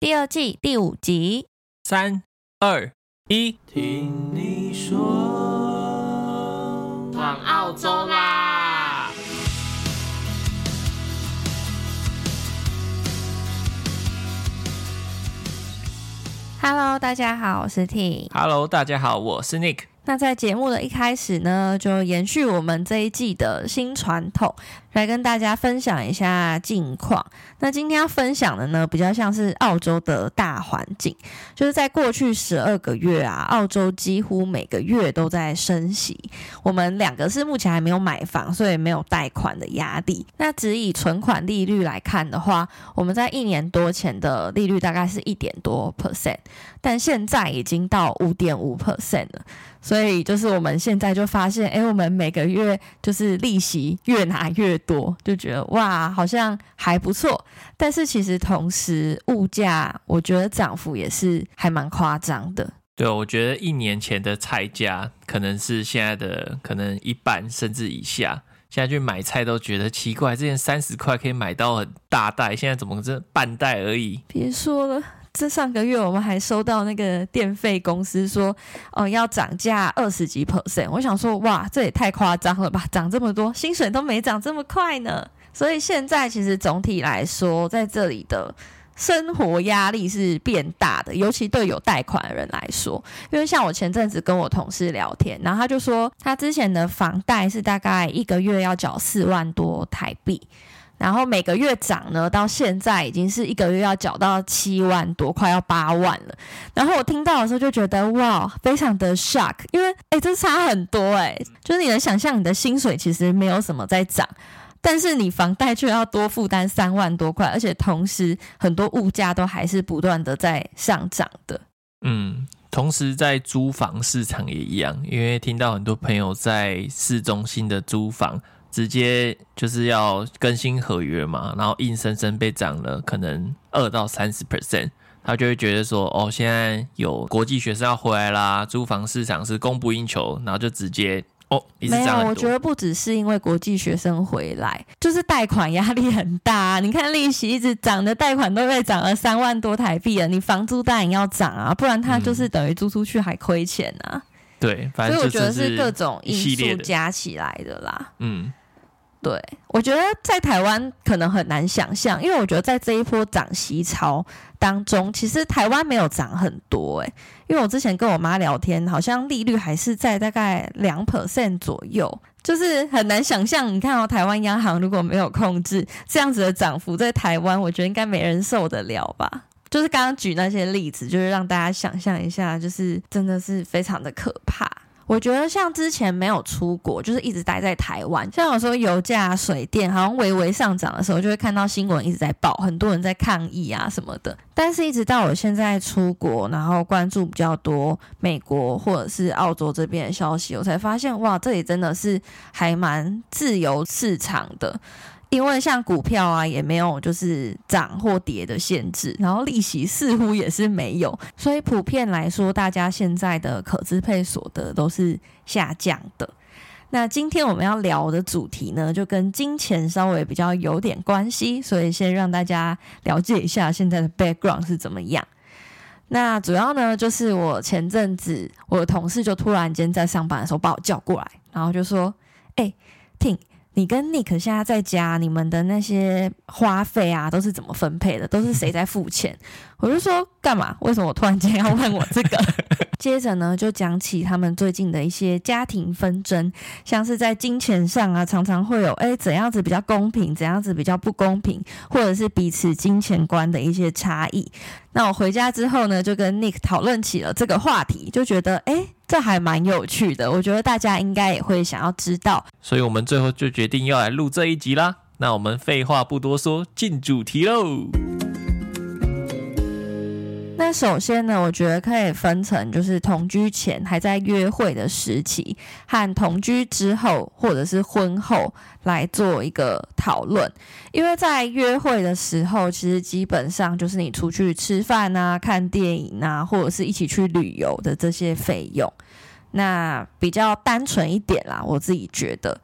第二季第五集，三二一，聽你說，跑澳洲啦！Hello，大家好，我是 T。Hello，大家好，我是 Nick。那在節目的一開始呢，就延續我們這一季的新傳統，來跟大家分享一下近況。那今天要分享的呢，比較像是澳洲的大環境，就是在過去十二個月啊，澳洲幾乎每個月都在升息。我們兩個是目前還沒有買房，所以沒有貸款的壓力。那只以存款利率來看的話，我們在一年多前的利率大概是一點多 percent，但現在已經到五點五 percent 了。所以就是我們現在就發現，哎、欸，我們每個月就是利息越拿越多，就覺得哇，好像還不錯。但是其實同時物價，我覺得漲幅也是還蠻誇張的。對，我覺得一年前的菜價可能是現在的可能一半甚至以下。現在去買菜都覺得奇怪，之前三十塊可以買到很大袋，現在怎麼這半袋而已？別說了。這上個月我們還收到那個電費公司說，嗯，要漲價二十幾 percent。我想說，哇，這也太誇張了吧，漲這麼多，薪水都沒漲這麼快呢。所以現在其實總體來說，在這裡的生活壓力是變大的，尤其對有貸款的人來說。因為像我前陣子跟我同事聊天，然後他就說他之前的房貸是大概一個月要繳四萬多台幣。然後每個月漲呢，到現在已經是一個月要繳到七萬多塊，快要八萬了。然後我聽到的時候就覺得哇，非常的 shock，因為欸，這差很多欸，就是你能想象你的薪水其實沒有什麼在漲，但是你房貸卻要多負擔三萬多塊，而且同時很多物價都還是不斷的在上漲的。嗯，同時在租房市場也一樣，因為聽到很多朋友在市中心的租房。直接就是要更新合約嘛，然後硬生生被漲了可能二到三十 percent，他就會覺得說，哦，現在有國際學生要回來啦，租房市場是供不應求，然後就直接哦，一直漲。我覺得不只是因為國際學生回來，就是貸款壓力很大啊。你看利息一直漲的，貸款都被漲了三萬多台幣了，你房租當然要漲啊，不然他就是等於租出去還虧錢啊。對，反正就，所以我覺得是各種因素加起來的啦。嗯。對，我覺得在台灣可能很難想象，因為我覺得在這一波漲息潮當中，其實台灣沒有漲很多，欸、因為我之前跟我媽聊天，好像利率還是在大概兩 percent 左右，就是很難想象。你看哦，喔，台灣央行如果沒有控制這樣子的漲幅，在台灣我覺得應該沒人受得了吧？就是剛剛舉那些例子，就是讓大家想象一下，就是真的是非常的可怕。我覺得像之前沒有出國，就是一直待在台灣。像有時候油價、水電好像微微上漲的時候，就會看到新聞一直在報，很多人在抗議啊什麼的。但是，一直到我現在出國，然後關注比較多美國或者是澳洲這邊的消息，我才發現，哇，這裡真的是還蠻自由市場的。因為像股票啊，也沒有就是漲或跌的限制，然後利息似乎也是沒有，所以普遍來說，大家現在的可支配所得都是下降的。那今天我們要聊的主題呢，就跟金錢稍微比較有點關係，所以先讓大家了解一下現在的 background 是怎麼樣。那主要呢，就是我前陣子，我的同事就突然間在上班的時候把我叫過來，然後就說：“哎、欸，聽。”你跟 Nick 現在在家，你們的那些花費啊，都是怎麼分配的？都是誰在付錢？ 我就說，幹嘛？為什麼我突然間要問我這個？ 接着呢，就講起他們最近的一些家庭紛爭，像是在金錢上啊，常常會有哎、欸，怎樣子比較公平，怎樣子比較不公平，或者是彼此金錢觀的一些差異。那我回家之後呢，就跟 Nick 討論起了這個話題，就覺得哎、欸，這還蠻有趣的。我覺得大家應該也會想要知道，所以我們最後就決定要來錄這一集啦。那我們廢話不多說，進主題嘍。那首先呢，我覺得可以分成就是同居前還在約會的時期，和同居之後或者是婚後來做一個討論。因為在約會的時候，其實基本上就是你出去吃飯啊、看電影啊，或者是一起去旅遊的這些費用，那比較單純一點啦，我自己覺得。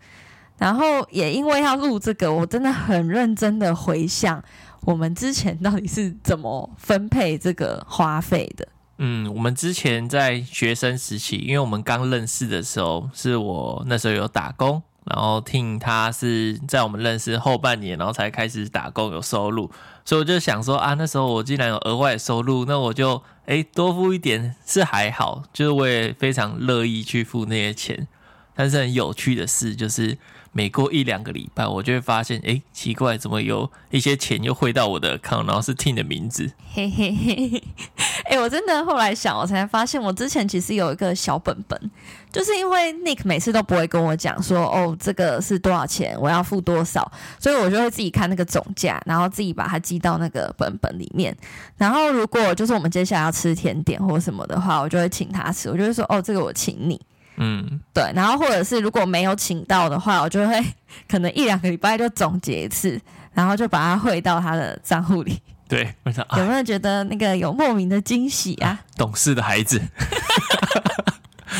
然後也因為要錄這個，我真的很認真的回想。我們之前到底是怎麼分配這個花費的？嗯，我們之前在學生時期，因為我們剛認識的時候，是我那時候有打工，然後聽他是在我們認識後半年，然後才開始打工有收入，所以我就想說啊，那時候我既然有額外的收入，那我就誒、欸、多付一點是還好，就是我也非常樂意去付那些錢。但是很有趣的事就是。每過一兩個禮拜，我就會發現，哎、欸，奇怪，怎麼有一些錢又匯到我的 account，然後是 Tin 的名字。嘿嘿嘿，嘿，哎，我真的後來想，我才發現，我之前其實有一個小本本，就是因為 Nick 每次都不會跟我講說，哦，這個是多少錢，我要付多少，所以我就會自己看那個總價，然後自己把它記到那個本本裡面。然後如果就是我們接下來要吃甜點或什麼的話，我就會請他吃，我就會說，哦，這個我請你。嗯，對，然後或者是如果沒有請到的話，我就會可能一兩個禮拜就總結一次，然後就把它匯到他的賬戶裡。對，哎、有沒有覺得那個有莫名的驚喜啊？啊，懂事的孩子，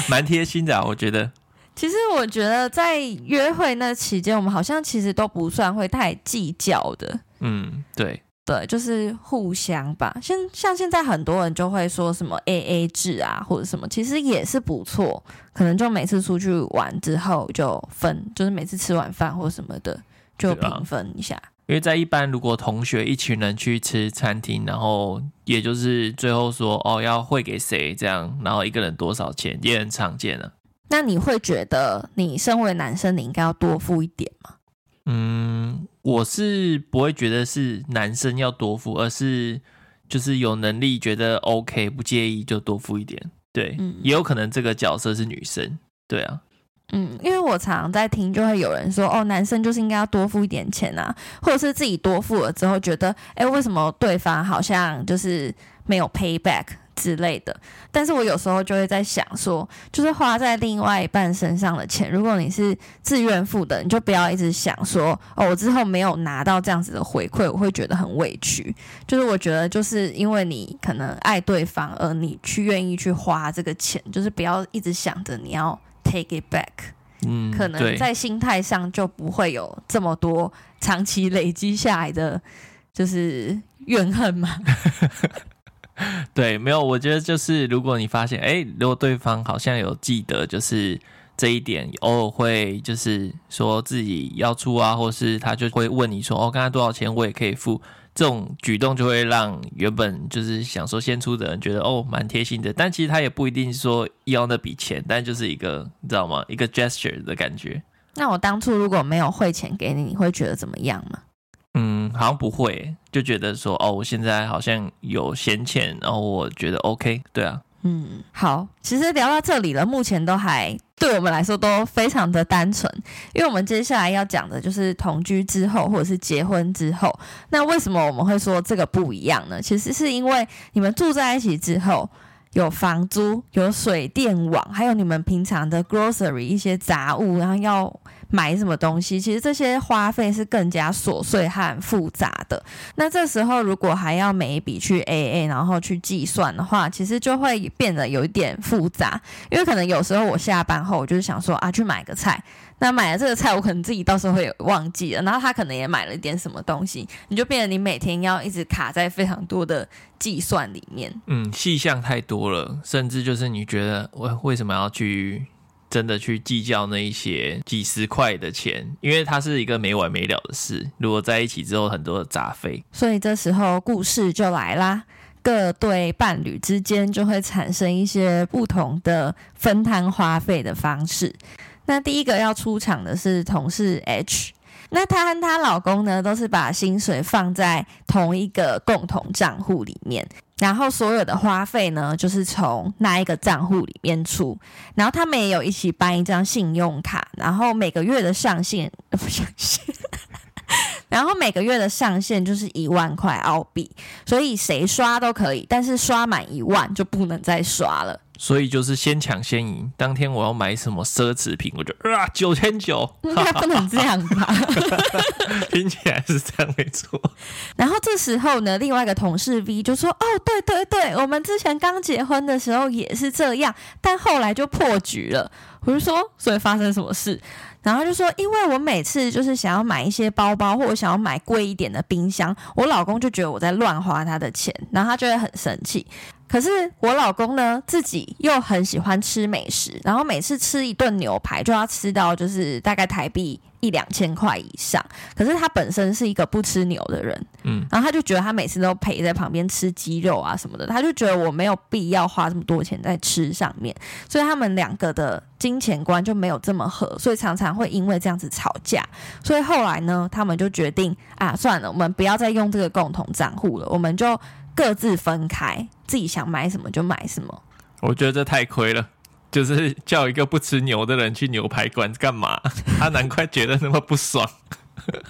蠻 貼心的、啊，我覺得。其實我覺得在約會那期間，我們好像其實都不算會太計較的。嗯，對。對，就是互相吧。現像現在很多人就會說什麼 AA 製啊，或者什麼，其實也是不錯。可能就每次出去玩之後就分，就是每次吃晚飯或什麼的就平分一下。因為在一般如果同學一群人去吃餐廳，然後也就是最後說哦要匯給誰這樣，然後一個人多少錢，也很常見了啊。那你會覺得你身為男生，你應該要多付一點嗎？嗯，我是不會覺得是男生要多付，而是就是有能力覺得 OK 不介意就多付一點，對，嗯，也有可能這個角色是女生，對啊，嗯，因為我常常在聽，就會有人說哦，男生就是應該要多付一點錢啊，或者是自己多付了之後覺得，哎，欸，為什麼對方好像就是沒有 pay back？之類的，但是我有時候就會在想說，就是花在另外一半身上的錢，如果你是自願付的，你就不要一直想說，哦，我之後沒有拿到這樣子的回饋，我會覺得很委屈。就是我覺得，就是因為你可能愛對方，而你去願意去花這個錢，就是不要一直想着你要 take it back，嗯，可能在心態上就不會有這麼多長期累積下來的，就是怨恨嘛。 對，沒有，我覺得就是如果你發現，哎，如果對方好像有記得，就是這一點，偶爾會就是說自己要出啊，或是他就會問你說，哦，剛才多少錢，我也可以付。這種舉動就會讓原本就是想說先出的人覺得哦，蠻貼心的。但其實他也不一定說要那筆錢，但就是一個你知道嗎？一個 gesture 的感覺。那我當初如果沒有匯錢給你，你會覺得怎麼樣嗎？嗯，好像不會，就覺得說哦，我現在好像有閒錢，然後我覺得 OK，對啊，嗯，好，其實聊到這裡了，目前都還對我們來說都非常的單純，因為我們接下來要講的就是同居之後或者是結婚之後，那為什麼我們會說這個不一樣呢？其實是因為你們住在一起之後，有房租、有水電網，還有你們平常的 grocery 一些雜物，然後要。買什麼東西，其實這些花費是更加瑣碎和複雜的。那這時候如果還要每一筆去 AA，然後去計算的話，其實就會變得有一點複雜。因為可能有時候我下班後，我就是想說啊去買個菜，那買了這個菜，我可能自己到時候會忘記了，然後他可能也買了一點什麼東西，你就變得你每天要一直卡在非常多的計算裡面。嗯，細項太多了，甚至就是你覺得我為什麼要去？真的去計較那一些幾十塊的錢，因為它是一個沒完沒了的事。如果在一起之後很多的雜費，所以這時候故事就來啦。各對伴侶之間就會產生一些不同的分攤花費的方式。那第一個要出場的是同事 H，那她和她老公呢都是把薪水放在同一個共同賬戶裡面。然後所有的花費呢，就是從那一個賬戶裡面出。然後他們也有一起辦一張信用卡，然後每個月的上限，上限，然後每個月的上限就是一萬塊澳幣，所以誰刷都可以，但是刷滿一萬就不能再刷了。所以就是先搶先贏。當天我要買什麼奢侈品，我就啊九千九，應該不能這樣吧？哈哈哈哈 聽起來是這樣沒錯。然後這時候呢，另外一個同事 V 就說：“哦，對對對，我們之前剛結婚的時候也是這樣，但後來就破局了。”我就說：“所以發生什麼事？”然後他就說：“因為我每次就是想要買一些包包，或者想要買貴一點的冰箱，我老公就覺得我在亂花他的錢，然後他就會很生氣。”可是我老公呢，自己又很喜歡吃美食，然後每次吃一頓牛排就要吃到就是大概台幣一兩千塊以上。可是他本身是一個不吃牛的人，嗯，然後他就覺得他每次都陪在旁邊吃雞肉啊什麼的，他就覺得我沒有必要花這麼多錢在吃上面，所以他們兩個的金錢觀就沒有這麼合，所以常常會因為這樣子吵架。所以後來呢，他們就決定啊，算了，我們不要再用這個共同賬戶了，我們就。各自分開，自己想買什麼就買什麼。我覺得這太虧了，就是叫一個不吃牛的人去牛排館幹嘛？他、 啊、難怪覺得那麼不爽。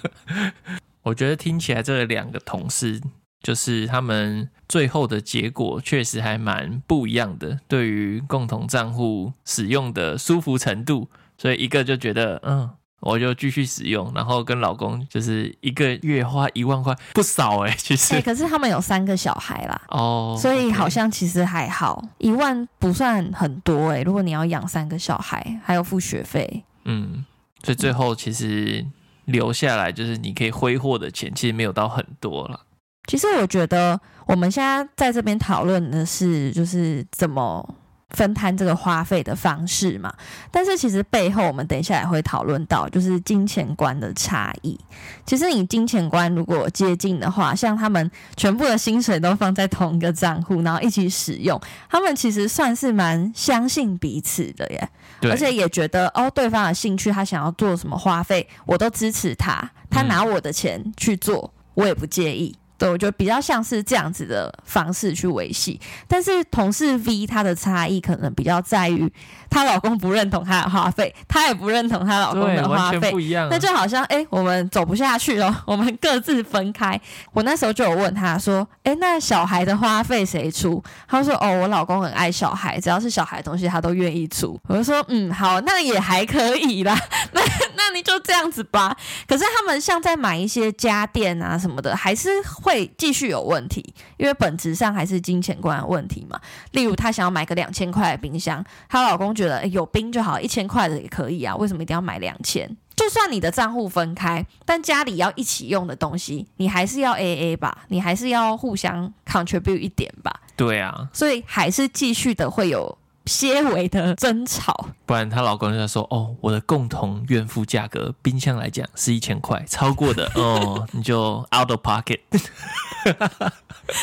我覺得聽起來這兩個同事，就是他們最後的結果確實還蠻不一樣的，對於共同賬戶使用的舒服程度，所以一個就覺得嗯。我就繼續使用，然後跟老公就是一個月花一萬塊，不少哎、欸，其實、欸。可是他們有三個小孩啦，哦、oh, okay.，所以好像其實還好，一萬不算很多哎、欸。如果你要養三個小孩，還有付學費，嗯，所以最後其實留下來就是你可以揮霍的錢，其實沒有到很多了。其實我覺得我們現在在這邊討論的是，就是怎麼。分攤這個花費的方式嘛，但是其實背後我們等一下也會討論到，就是金錢觀的差異。其實你金錢觀如果接近的話，像他們全部的薪水都放在同一個賬戶，然後一起使用，他們其實算是蠻相信彼此的耶，而且也覺得哦，對方的興趣，他想要做什麼花費，我都支持他，他拿我的錢去做，嗯、我也不介意。對，我覺得比較像是這樣子的方式去維繫，但是同事 V 她的差異可能比較在於她老公不認同她的花費，她也不認同她老公的花費，完全不一樣啊、那就好像哎、欸，我們走不下去了，我們各自分開。我那時候就有問她說，哎、欸，那小孩的花費誰出？她說，哦，我老公很愛小孩，只要是小孩的東西，他都願意出。我就說，嗯，好，那也還可以啦。那。 那 你就這樣子吧。可是他們像在買一些家電啊什麼的，還是會繼續有問題，因為本質上還是金錢觀的問題嘛。例如，他想要買個兩千塊的冰箱，她老公覺得、欸、有冰就好，一千塊的也可以啊，為什麼一定要買兩千？就算你的賬戶分開，但家裡要一起用的東西，你還是要 AA 吧，你還是要互相 contribute 一點吧。對啊，所以還是繼續的會有。些微的爭吵，不然她老公就在說：“哦，我的共同怨婦價格，冰箱來講是一千塊，超過的哦， 你就 out of pocket。 ”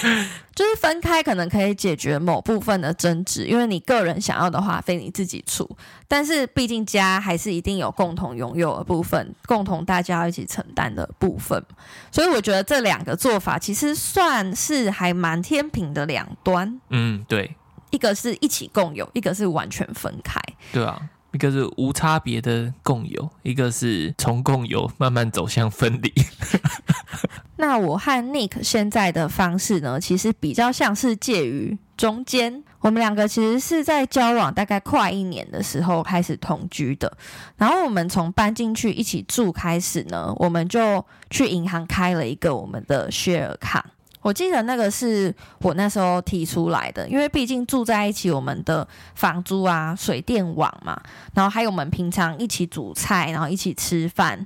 就是分開可能可以解決某部分的爭執，因為你個人想要的花費你自己出，但是畢竟家還是一定有共同擁有的部分，共同大家要一起承擔的部分，所以我覺得這兩個做法其實算是還蠻天平的兩端。嗯，對。一個是一起共有，一個是完全分開，對啊，一個是無差別的共有，一個是從共有慢慢走向分離。 那我和 Nick 現在的方式呢，其實比較像是介於中間。我們兩個其實是在交往大概快一年的時候開始同居的，然後我們從搬進去一起住開始呢，我們就去銀行開了一個我們的 share card 我記得那個是我那時候提出來的，因為畢竟住在一起，我們的房租啊、水電網嘛，然後還有我們平常一起煮菜，然後一起吃飯，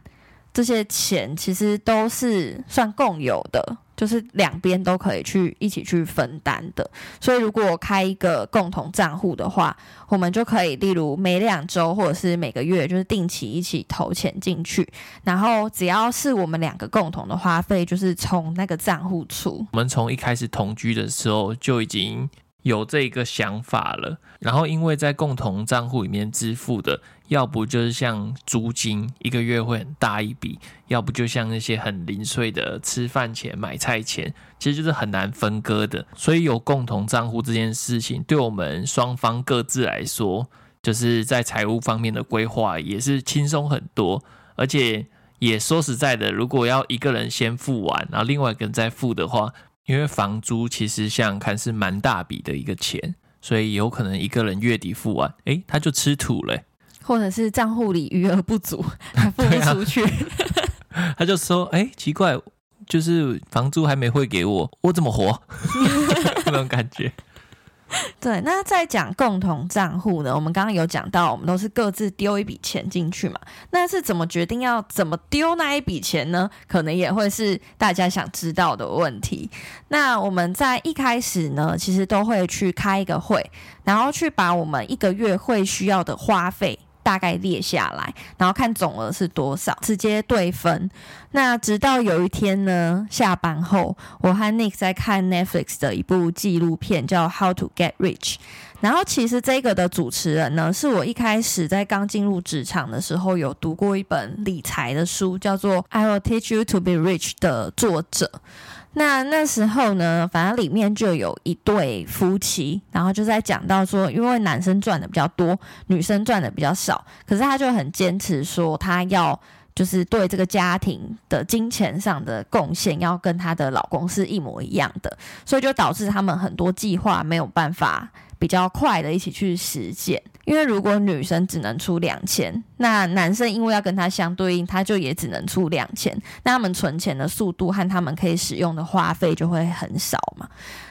這些錢其實都是算共有的。就是兩邊都可以去一起去分擔的，所以如果開一個共同賬戶的話，我們就可以，例如每兩周或者是每個月，就是定期一起投錢進去，然後只要是我們兩個共同的花費，就是從那個賬戶出。我們從一開始同居的時候就已經。有這個想法了，然後因為在共同賬戶裡面支付的，要不就是像租金，一個月會很大一筆，要不就像那些很零碎的吃飯錢、買菜錢，其實就是很難分割的。所以有共同賬戶這件事情，對我們雙方各自來說，就是在財務方面的規劃也是輕鬆很多。而且也說實在的，如果要一個人先付完，然後另外一個人再付的話。因為房租其實像看是蠻大筆的一個錢，所以有可能一個人月底付完，哎，他就吃土了欸，或者是賬戶裡餘額不足，他付不出去， 對啊、 他就說，哎，奇怪，就是房租還沒匯給我，我怎麼活？ 那種感覺。 對，那在講共同賬戶呢？我們剛剛有講到，我們都是各自丟一筆錢進去嘛。那是怎麼決定要怎麼丟那一筆錢呢？可能也會是大家想知道的問題。那我們在一開始呢，其實都會去開一個會，然後去把我們一個月會需要的花費。大概列下來，然後看總額是多少，直接對分。那直到有一天呢，下班後，我和 Nick 在看 Netflix 的一部紀錄片，叫《How to Get Rich》。然後其實這個的主持人呢，是我一開始在剛進入職場的時候有讀過一本理財的書，叫做《I Will Teach You to Be Rich》的作者。那那時候呢，反正裡面就有一對夫妻，然後就在講到說，因為男生賺的比較多，女生賺的比較少，可是她就很堅持說，她要就是對這個家庭的金錢上的貢獻要跟她的老公是一模一樣的，所以就導致他們很多計劃沒有辦法。比較快的一起去實踐，因為如果女生只能出兩千，那男生因為要跟他相對應，他就也只能出兩千，那他們存錢的速度和他們可以使用的花費就會很少嘛。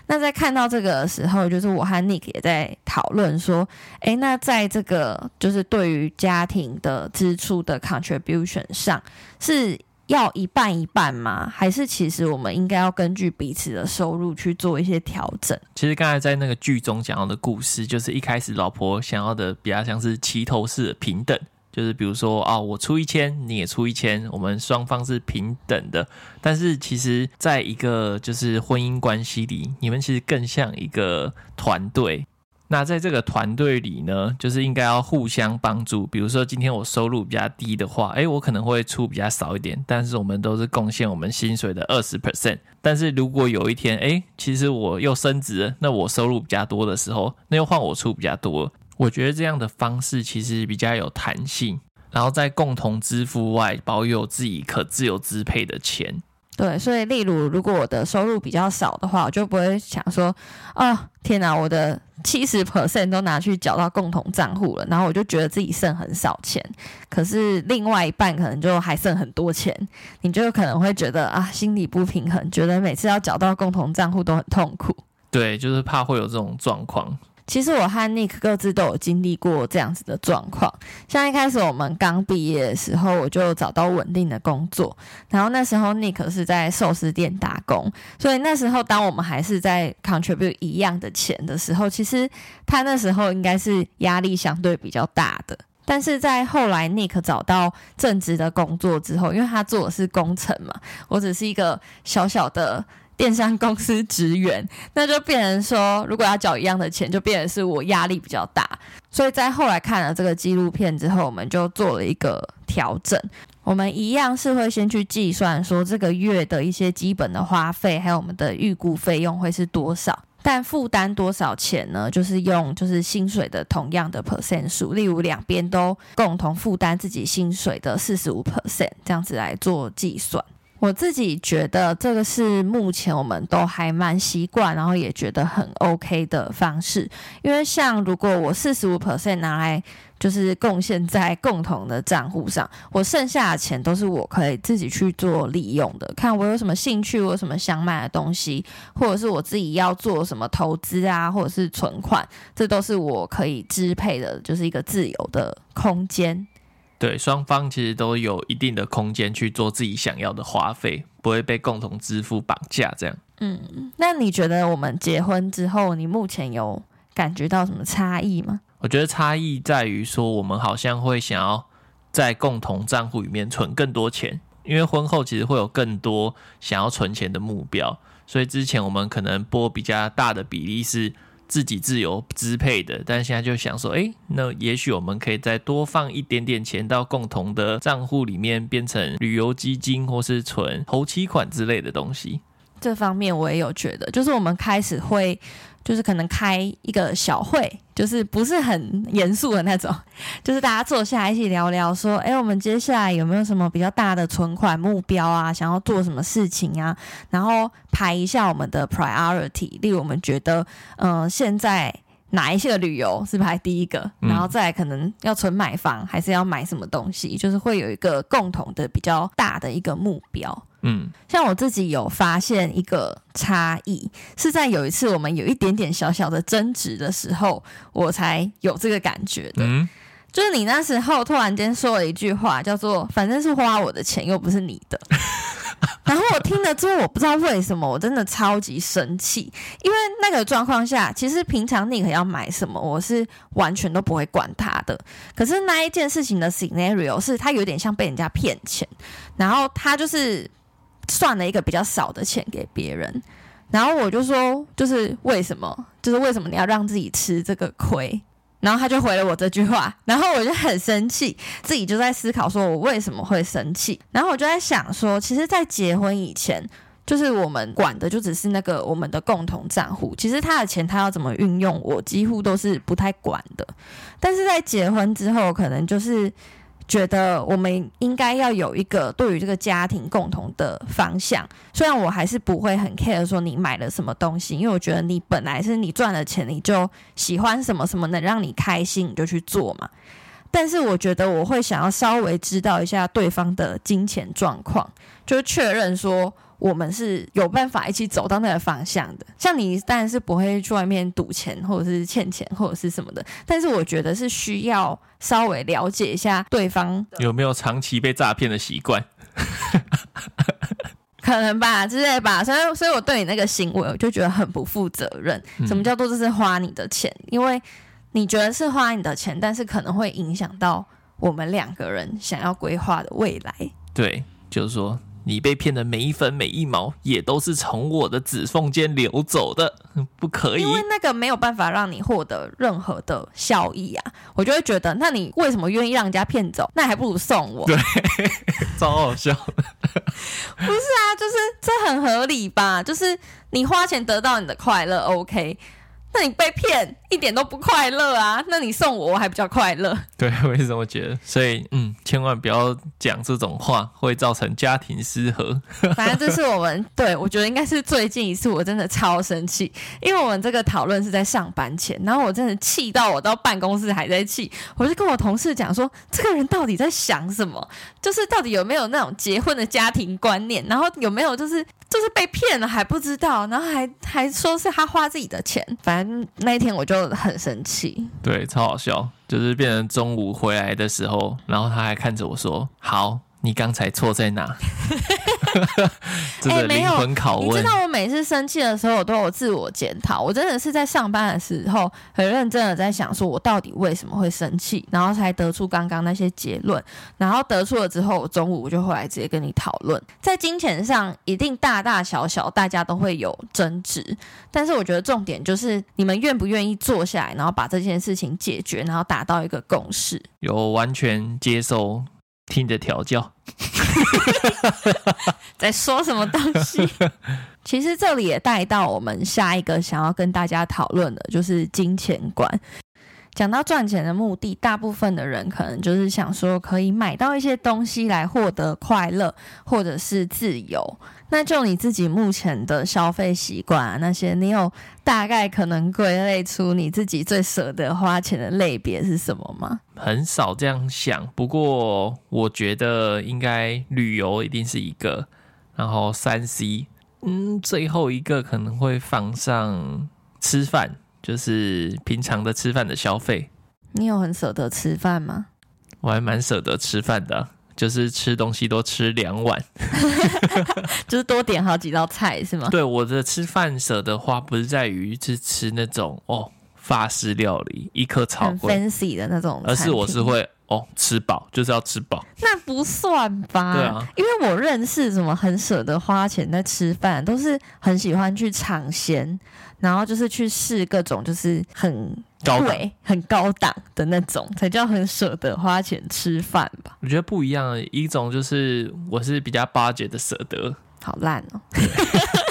那在看到這個的時候，就是我和 Nick 也在討論說，哎、欸，那在這個就是對於家庭的支出的 contribution 上是。要一半一半嗎？還是其實我們應該要根據彼此的收入去做一些調整？其實剛才在那個劇中講到的故事，就是一開始老婆想要的比較像是齊頭式的平等，就是比如說啊、哦，我出一千，你也出一千，我們雙方是平等的。但是其實，在一個就是婚姻關係裡，你們其實更像一個團隊。那在這個團隊裡呢，就是應該要互相幫助。比如說今天我收入比較低的話，哎，我可能會出比較少一點，但是我們都是貢獻我們薪水的二十 percent。但是如果有一天，哎，其實我又升職了，那我收入比較多的時候，那又換我出比較多。我覺得這樣的方式其實比較有彈性，然後在共同支付外，保有自己可自由支配的錢。對，所以例如，如果我的收入比較少的話，我就不會想說，啊、哦，天哪，我的七十 percent 都拿去繳到共同賬戶了，然後我就覺得自己剩很少錢，可是另外一半可能就還剩很多錢，你就可能會覺得啊，心裡不平衡，覺得每次要繳到共同賬戶都很痛苦。對，就是怕會有這種狀況。其實我和 Nick 各自都有經歷過這樣子的狀況。像一開始我們剛畢業的時候，我就找到穩定的工作，然後那時候 Nick 是在壽司店打工，所以那時候當我們還是在 contribute 一樣的錢的時候，其實他那時候應該是壓力相對比較大的。但是在後來 Nick 找到正職的工作之後，因為他做的是工程嘛，我只是一個小小的電商公司職員，那就變成說，如果要繳一樣的錢，就變成是我壓力比較大。所以在後來看了這個紀錄片之後，我們就做了一個調整。我們一樣是會先去計算說這個月的一些基本的花費，還有我們的預估費用會是多少。但負擔多少錢呢？就是用就是薪水的同樣的 percent 數，例如兩邊都共同負擔自己薪水的四十五 percent，這樣子來做計算。我自己覺得這個是目前我們都還蠻習慣，然後也覺得很 OK 的方式。因為像如果我四十五 percent 拿來就是貢獻在共同的賬戶上，我剩下的錢都是我可以自己去做利用的。看我有什麼興趣，我有什麼想買的東西，或者是我自己要做什麼投資啊，或者是存款，這都是我可以支配的，就是一個自由的空間。對，雙方其實都有一定的空間去做自己想要的花費，不會被共同支付綁架這樣。嗯，那你覺得我們結婚之後，你目前有感覺到什麼差異嗎？我覺得差異在於說，我們好像會想要在共同賬戶裡面存更多錢，因為婚後其實會有更多想要存錢的目標，所以之前我們可能撥比較大的比例是，自己自由支配的，但是現在就想說，哎，那也許我們可以再多放一點點錢到共同的賬戶裡面，變成旅遊基金，或是存頭期款之類的東西。這方面我也有覺得，就是我們開始會，就是可能開一個小會，就是不是很嚴肅的那種，就是大家坐下來一起聊聊，說，哎，我們接下來有沒有什麼比較大的存款目標啊？想要做什麼事情啊？然後排一下我們的 priority，例如我們覺得，嗯、呃，現在。哪一些旅遊是不是排第一個，然後再來可能要存買房，還是要買什麼東西，就是會有一個共同的比較大的一個目標。嗯，像我自己有發現一個差異，是在有一次我們有一點點小小的爭執的時候，我才有這個感覺的。嗯，就是你那時候突然間說了一句話，叫做“反正是花我的錢，又不是你的。 ” 然後我聽了之後，我不知道為什麼，我真的超級生氣，因為那個狀況下，其實平常 Nick 要買什麼，我是完全都不會管他的。可是那一件事情的 scenario 是，他有點像被人家騙錢，然後他就是算了一個比較少的錢給別人，然後我就說，就是為什麼，就是為什麼你要讓自己吃這個虧？然後他就回了我這句話，然後我就很生氣，自己就在思考說，我為什麼會生氣？然後我就在想說，其實，在結婚以前，就是我們管的就只是那個我們的共同賬戶，其實他的錢他要怎麼運用，我幾乎都是不太管的。但是在結婚之後，可能就是。覺得我們應該要有一個對於這個家庭共同的方向。雖然我還是不會很 care 說你買了什麼東西，因為我覺得你本來是你賺了錢，你就喜歡什麼什麼能讓你開心，你就去做嘛。但是我覺得我會想要稍微知道一下對方的金錢狀況，就是確認說。我們是有辦法一起走到那個方向的。像你當然是不會去外面賭錢，或者是欠錢，或者是什麼的。但是我覺得是需要稍微了解一下對方有沒有長期被詐騙的習慣。 可能吧，之類吧。所以，所以我對你那個行為，我就覺得很不負責任。嗯。什麼叫做這是花你的錢？因為你覺得是花你的錢，但是可能會影響到我們兩個人想要規劃的未來。對，就是說。你被騙的每一分每一毛，也都是從我的指縫間流走的，不可以。因為那個沒有辦法讓你獲得任何的效益啊，我就會覺得，那你為什麼願意讓人家騙走？那還不如送我。對，超好笑。 不是啊，就是這很合理吧？就是你花錢得到你的快樂，OK。那你被騙一點都不快樂啊！那你送我，我還比較快樂。對，我是這麼覺得。所以，嗯，千萬不要講這種話，會造成家庭失和。反正這是我們，對我覺得應該是最近一次，我真的超生氣，因為我們這個討論是在上班前，然後我真的氣到我到辦公室還在氣，我就跟我同事講說，這個人到底在想什麼？就是到底有沒有那種結婚的家庭觀念，然後有沒有就是。就是被騙了還不知道，然後還還說是他花自己的錢，反正那一天我就很生氣。對，超好笑，就是變成中午回來的時候，然後他還看着我說：“好。”你剛才錯在哪？哎 真的、 欸，沒有。靈魂拷問。我知道我每次生氣的時候，我都有自我檢討。我真的是在上班的時候很認真的在想，說我到底為什麼會生氣，然後才得出剛剛那些結論。然後得出了之後，我中午我就回來直接跟你討論。在金錢上，一定大大小小，大家都會有爭執。但是我覺得重點就是，你們願不願意坐下來，然後把這件事情解決，然後達到一個共識。有完全接受。聽着調教 ，在說什麼東西？其實這裡也帶到我們下一個想要跟大家討論的，就是金錢觀。講到賺錢的目的，大部分的人可能就是想說，可以買到一些東西來獲得快樂，或者是自由。那就你自己目前的消費習慣啊，那些你有大概可能歸類出你自己最捨得花錢的類別是什麼嗎？很少這樣想，不過我覺得應該旅遊一定是一個，然後 3C，嗯，最後一個可能會放上吃飯，就是平常的吃飯的消費。你有很捨得吃飯嗎？我還蠻捨得吃飯的。就是吃東西都吃兩碗， 就是多點好幾道菜，是嗎？對，我的吃飯捨得花，不是在於去吃那種哦法式料理，一顆草莓很 fancy 的那種，而是我是會哦吃飽，就是要吃飽。那不算吧？對啊。因為我認識什麼很舍得花錢在吃飯，都是很喜歡去嘗鮮，然後就是去試各種，就是很。對,很高檔的那種，才叫很舍得花錢吃飯吧？我覺得不一樣，一種就是我是比較 budget 的舍得，好爛哦。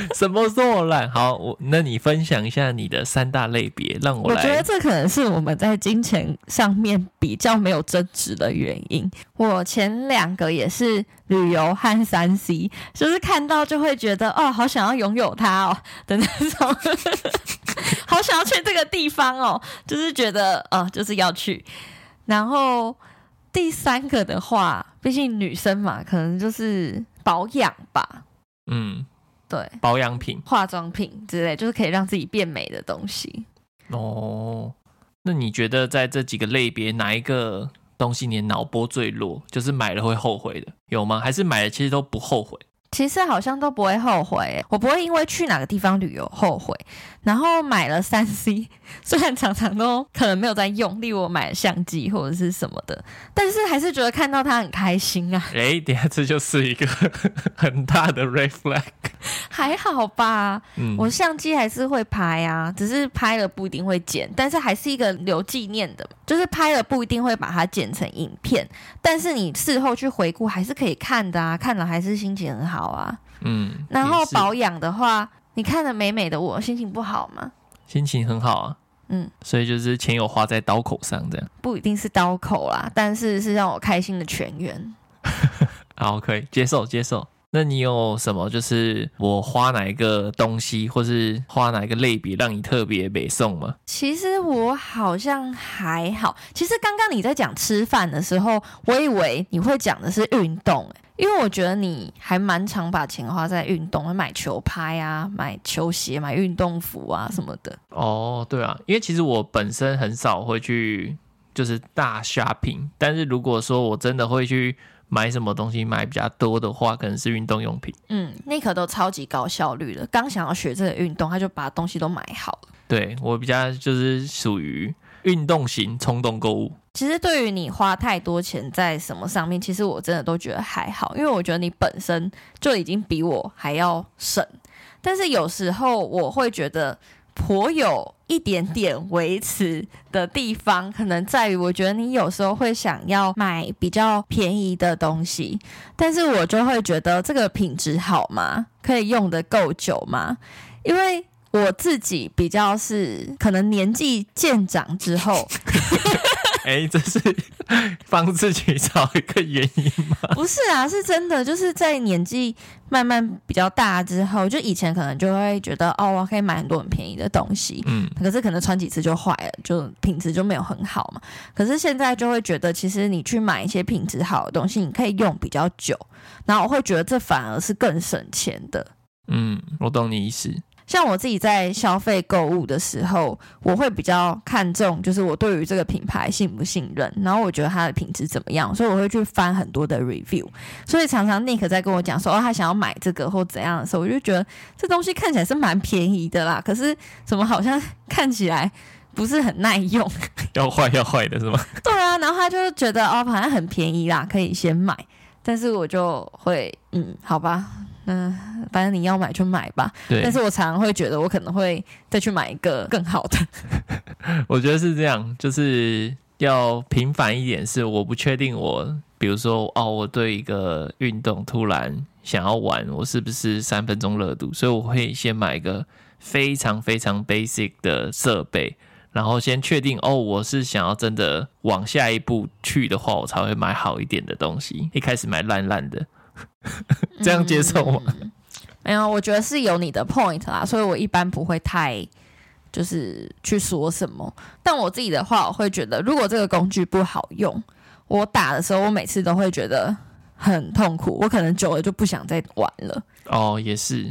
什麼做我懶？好，我那你分享一下你的三大類別，讓我來。我覺得這可能是我們在金錢上面比較沒有爭執的原因。我前兩個也是旅遊和三 C，就是看到就會覺得哦，好想要擁有它哦的那種， 好想要去這個地方哦，就是覺得哦，就是要去。然後第三個的話，畢竟女生嘛，可能就是保養吧，嗯。對，保養品、化妝品之類，就是可以讓自己變美的東西。哦，那你覺得在這幾個類別，哪一個東西你腦波最弱，就是買了會後悔的，有嗎？還是買了其實都不後悔？其實好像都不會後悔、欸，我不會因為去哪個地方旅遊後悔，然後買了三 C，雖然常常都可能沒有在用力，我買了相機或者是什麼的，但是還是覺得看到它很開心啊。哎，等下這就是一個很大的 red flag。還好吧，嗯。我相機還是會拍啊，只是拍了不一定會剪，但是還是一個留紀念的，就是拍了不一定會把它剪成影片，但是你事後去回顧還是可以看的啊，看了還是心情很好。好啊，嗯，然後保養的話，你看了美美的我，我心情不好嗎？心情很好啊，嗯，所以就是錢有花在刀口上，這樣不一定是刀口啦，但是是讓我開心的泉源。好，可 以，okay, 接受接受。那你有什麼就是我花哪一個東西，或是花哪一個類別讓你特別美送嗎？其實我好像還好。其實剛剛你在講吃飯的時候，我以為你會講的是運動、欸，因為我覺得你還蠻常把錢花在運動，買球拍啊、買球鞋、買運動服啊什麼的。哦，對啊，因為其實我本身很少會去就是大 shopping，但是如果說我真的會去買什麼東西，買比較多的話，可能是運動用品。嗯，那可都超級高效率的。剛想要學這個運動，他就把東西都買好了。對，我比較就是屬於。運動型衝動購物，其實對於你花太多錢在什麼上面，其實我真的都覺得還好，因為我覺得你本身就已經比我還要省。但是有時候我會覺得，頗有一點點維持的地方，可能在於我覺得你有時候會想要買比較便宜的東西，但是我就會覺得這個品質好嗎？可以用得夠久嗎？因為。我自己比較是可能年紀漸長之後 ，哎、欸，這是幫自己找一個原因嗎？不是啊，是真的，就是在年紀慢慢比較大之後，就以前可能就會覺得哦，我可以買很多很便宜的東西，嗯，可是可能穿幾次就壞了，就品質就沒有很好嘛。可是現在就會覺得，其實你去買一些品質好的東西，你可以用比較久，然後我會覺得這反而是更省錢的。嗯，我懂你意思。像我自己在消費購物的時候，我會比較看重，就是我對於這個品牌信不信任，然後我覺得它的品質怎麼樣，所以我會去翻很多的 review。所以常常 Nick 在跟我講說，哦，他想要買這個或怎樣的時候，我就覺得這東西看起來是蠻便宜的啦，可是怎麼好像看起來不是很耐用，要壞要壞的是嗎？對啊，然後他就覺得哦，好像很便宜啦，可以先買，但是我就會嗯，好吧。嗯、呃，反正你要買就買吧。對，但是我常常會覺得，我可能會再去買一個更好的 。我覺得是這樣，就是要平凡一點。是我不確定我，比如說，哦，我對一個運動突然想要玩，我是不是三分鐘熱度？所以我會先買一個非常非常 basic 的設備，然後先確定哦，我是想要真的往下一步去的話，我才會買好一點的東西。一開始買爛爛的。 這樣接受嗎？嗯嗯，沒有，我覺得是有你的 point 啦。所以我一般不會太就是去說什麼。但我自己的話，我會覺得，如果這個工具不好用，我打的時候，我每次都會覺得很痛苦，我可能久了就不想再玩了。哦，也是，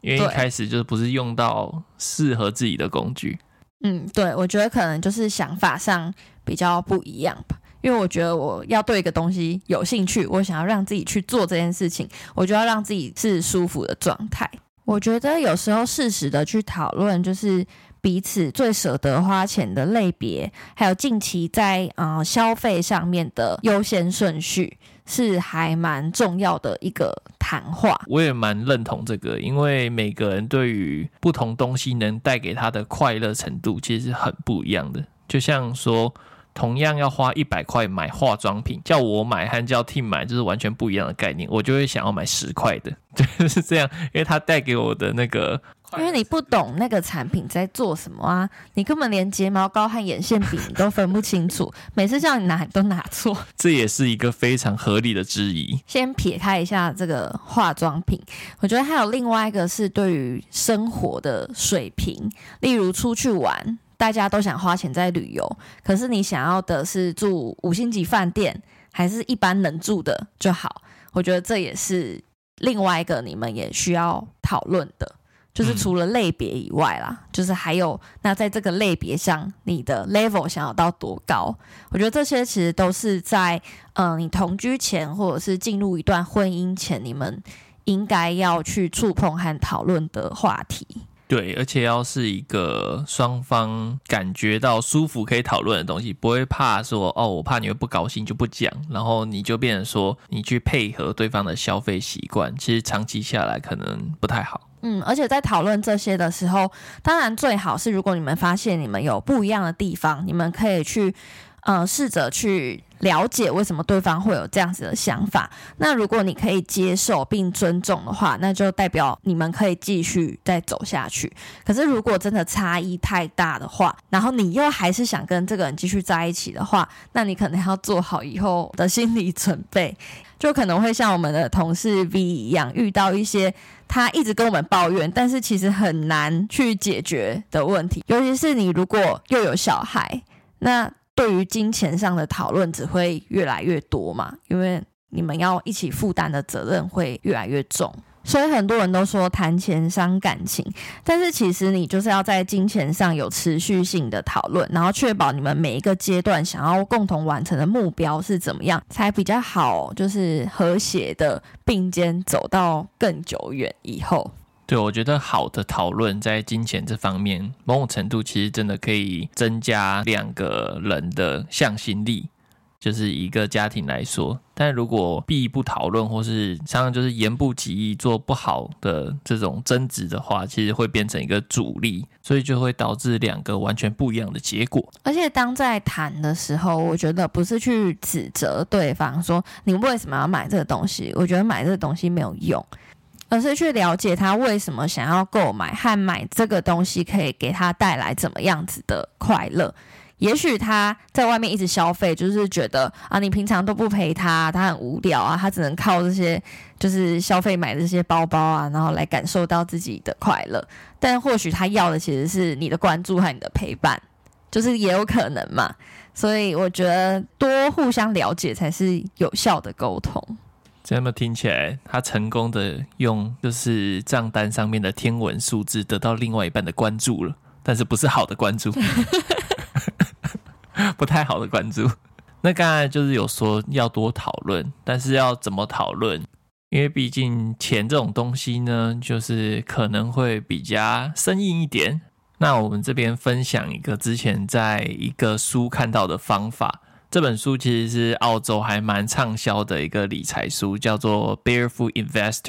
因為一開始就是不是用到適合自己的工具。嗯，對，我覺得可能就是想法上比較不一樣吧。因為我覺得我要對一個東西有興趣，我想要讓自己去做這件事情，我就要讓自己是舒服的狀態。我覺得有時候適時的去討論，就是彼此最舍得花錢的類別，還有近期在啊、呃、消費上面的優先順序，是還蠻重要的一個談話。我也蠻認同這個，因為每個人對於不同東西能帶給他的快樂程度，其實是很不一樣的。就像說。同樣要花一百塊買化妝品，叫我買和叫 T 買就是完全不一樣的概念，我就會想要買十塊的，就是這樣，因為他帶給我的那個，因為你不懂那個產品在做什麼啊，你根本連睫毛膏和眼線筆你都分不清楚， 每次叫你拿你都拿錯，這也是一個非常合理的質疑。先撇開一下這個化妝品，我覺得還有另外一個是對於生活的水平，例如出去玩。大家都想花錢在旅遊，可是你想要的是住五星級飯店，還是一般能住的就好？我覺得這也是另外一個你們也需要討論的，就是除了類別以外啦、嗯，就是還有那在這個類別上，你的 level 想要到多高？我覺得這些其實都是在嗯，你同居前或者是進入一段婚姻前，你們應該要去觸碰和討論的話題。對，而且要是一個雙方感覺到舒服可以討論的東西，不會怕說哦，我怕你會不高興就不講，然後你就變成說你去配合對方的消費習慣，其實長期下來可能不太好。嗯，而且在討論這些的時候，當然最好是如果你們發現你們有不一樣的地方，你們可以去嗯、呃，試着去。了解為什麼對方會有這樣子的想法，那如果你可以接受並尊重的話，那就代表你們可以繼續再走下去。可是，如果真的差異太大的話，然後你又還是想跟這個人繼續在一起的話，那你可能要做好以後的心理準備，就可能會像我們的同事 V 一樣，遇到一些他一直跟我們抱怨，但是其實很難去解決的問題。尤其是你如果又有小孩，那。對於金錢上的討論只會越來越多嘛，因為你們要一起負擔的責任會越來越重，所以很多人都說談錢傷感情，但是其實你就是要在金錢上有持續性的討論，然後確保你們每一個階段想要共同完成的目標是怎麼樣才比較好，就是和諧的並肩走到更久遠以後。對，我覺得好的討論在金錢這方面，某種程度其實真的可以增加兩個人的向心力，就是一個家庭來說。但如果避而不討論，或是常常就是言不及義、做不好的這種爭執的話，其實會變成一個阻力，所以就會導致兩個完全不一樣的結果。而且當在談的時候，我覺得不是去指責對方說，你為什麼要買這個東西，我覺得買這個東西沒有用。而是去了解他為什麼想要購買，和買這個東西可以給他帶來怎麼樣子的快樂。也許他在外面一直消費，就是覺得啊，你平常都不陪他，他很無聊啊，他只能靠這些就是消費買這些包包啊，然後來感受到自己的快樂。但或許他要的其實是你的關注和你的陪伴，就是也有可能嘛。所以我覺得多互相了解才是有效的溝通。這樣的聽起來，他成功的用就是賬單上面的天文數字，得到另外一半的關注了，但是不是好的關注， 不太好的關注。那剛才就是有說要多討論，但是要怎麼討論？因為畢竟錢這種東西呢，就是可能會比較生硬一點。那我們這邊分享一個之前在一個書看到的方法。這本書其實是澳洲還蠻暢銷的一個理財書，叫做《Barefoot Investor》。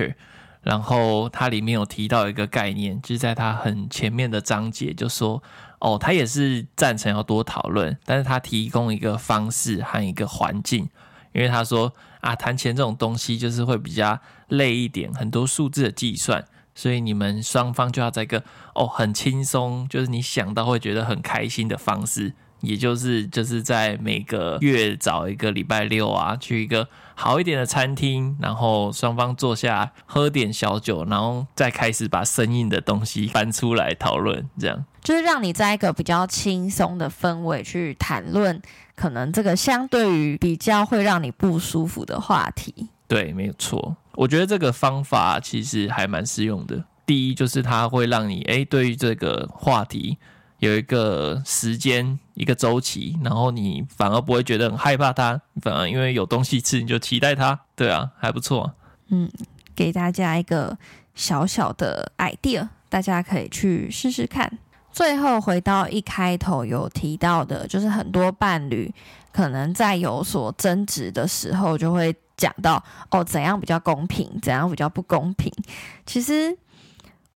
然後它裡面有提到一個概念，就是在它很前面的章節，就說哦，他也是贊成要多討論，但是他提供一個方式和一個環境，因為他說啊，談錢這種東西就是會比較累一點，很多數字的計算，所以你們雙方就要在一個哦很輕鬆，就是你想到會覺得很開心的方式。也就是就是在每個月找一個禮拜六啊，去一個好一點的餐廳，然後雙方坐下喝點小酒，然後再開始把生硬的東西翻出來討論，這樣就是讓你在一個比較輕鬆的氛圍去談論可能這個相對於比較會讓你不舒服的話題。對，沒有錯。我覺得這個方法其實還蠻適用的。第一，就是它會讓你誒，對於這個話題。有一個時間，一個週期，然後你反而不會覺得很害怕它，反而因為有東西吃，你就期待它。對啊，還不錯啊。嗯，給大家一個小小的 idea，大家可以去試試看。最後回到一開頭有提到的，就是很多伴侶可能在有所爭執的時候，就會講到哦，怎樣比較公平，怎樣比較不公平。其實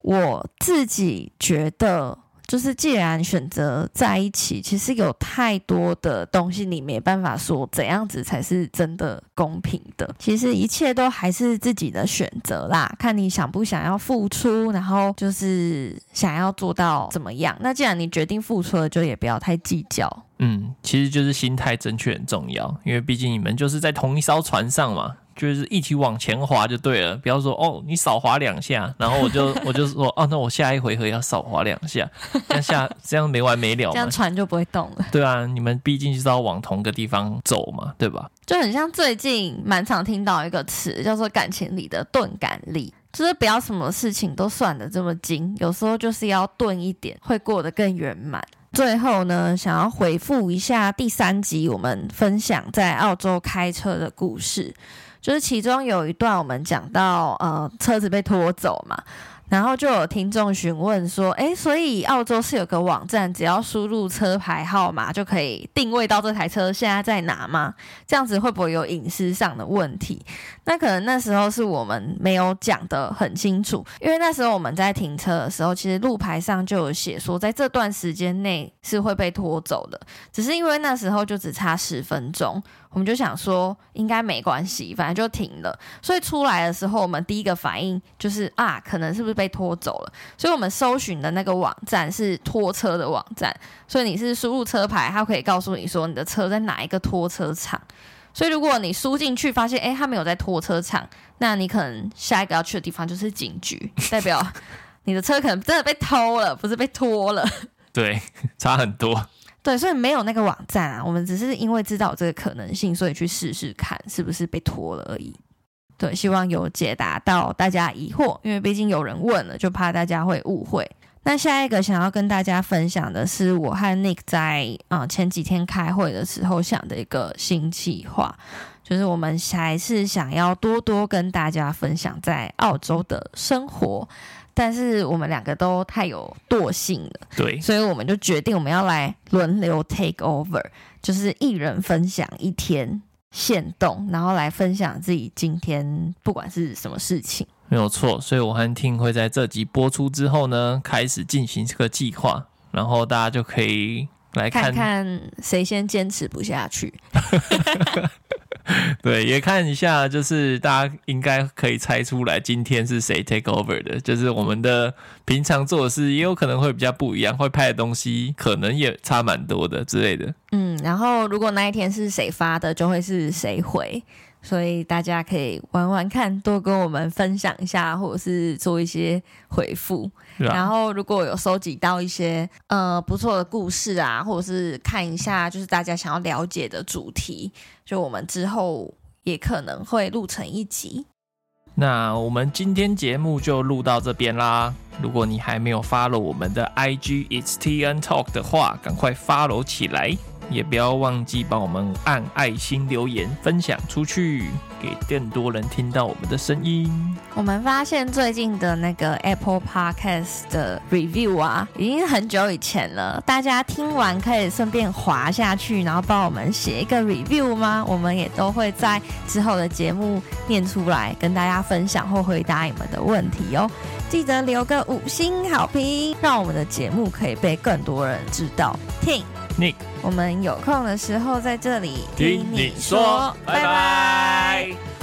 我自己覺得。就是，既然選擇在一起，其實有太多的東西你沒辦法說怎樣子才是真的公平的。其實一切都還是自己的選擇啦，看你想不想要付出，然後就是想要做到怎麼樣。那既然你決定付出了，就也不要太計較。嗯，其實就是心態正確很重要，因為畢竟你們就是在同一艘船上嘛。就是一起往前滑就對了，不要說哦，你少滑兩下，然後我就 我就說哦，那我下一回合要少滑兩下，這樣下這樣沒完沒了，這樣船就不會動了。對啊，你們畢竟就是要往同個地方走嘛，對吧？就很像最近蠻常聽到一個詞，叫做感情裡的鈍感力，就是不要什麼事情都算得這麼精，有時候就是要鈍一點，會過得更圓滿。最後呢，想要回復一下第三集我們分享在澳洲開車的故事。就是其中有一段我們講到，呃，車子被拖走嘛，然後就有聽眾詢問說，誒，所以澳洲是有個網站，只要輸入車牌號碼就可以定位到這台車現在在哪嗎？這樣子會不會有隱私上的問題？那可能那時候是我們沒有講得很清楚，因為那時候我們在停車的時候，其實路牌上就有寫說，在這段時間內是會被拖走的，只是因為那時候就只差十分鐘。我們就想說應該沒關係，反正就停了。所以出來的時候，我們第一個反應就是啊，可能是不是被拖走了？所以我們搜尋的那個網站是拖車的網站，所以你是輸入車牌，它可以告訴你說你的車在哪一個拖車場。所以如果你輸進去發現，誒、欸，他沒有在拖車場，那你可能下一個要去的地方就是警局， 代表你的車可能真的被偷了，不是被拖了。對，差很多。對，所以沒有那個網站啊，我們只是因為知道這個可能性，所以去試試看是不是被拖了而已。對，希望有解答到大家疑惑，因為畢竟有人問了，就怕大家會誤會。那下一個想要跟大家分享的是，我和 Nick 在啊、嗯、前幾天開會的時候想的一個新計劃，就是我們還是想要多多跟大家分享在澳洲的生活。但是我們兩個都太有惰性了，對，所以我們就決定我們要來輪流 takeover，就是一人分享一天限動，然後來分享自己今天不管是什麼事情，沒有錯。所以我和 Tim 會在這集播出之後呢，開始進行這個計劃，然後大家就可以來看看，看誰先堅持不下去。 對，也看一下，就是大家應該可以猜出來，今天是誰 take over 的，就是我們的平常做事也有可能會比較不一樣，會拍的東西可能也差蠻多的之類的。嗯，然後如果那一天是誰發的，就會是誰回。所以大家可以玩玩看，多跟我們分享一下，或者是做一些回復。是啊。然後如果有收集到一些呃不錯的故事啊，或者是看一下就是大家想要了解的主題，就我們之後也可能會錄成一集。那我們今天節目就錄到這邊啦。如果你還沒有 follow 我們的 IG It's TN Talk 的話，趕快 follow 起來。也不要忘記幫我們按愛心、留言、分享出去，給更多人聽到我們的聲音。我們發現最近的那個 Apple Podcast 的 review 啊，已經很久以前了。大家聽完可以順便滑下去，然後幫我們寫一個 review 嗎？我們也都會在之後的節目念出來，跟大家分享或回答你們的問題哦。記得留個五星好評，讓我們的節目可以被更多人知道。聽。我們有空的時候在這裡聽你說，拜拜。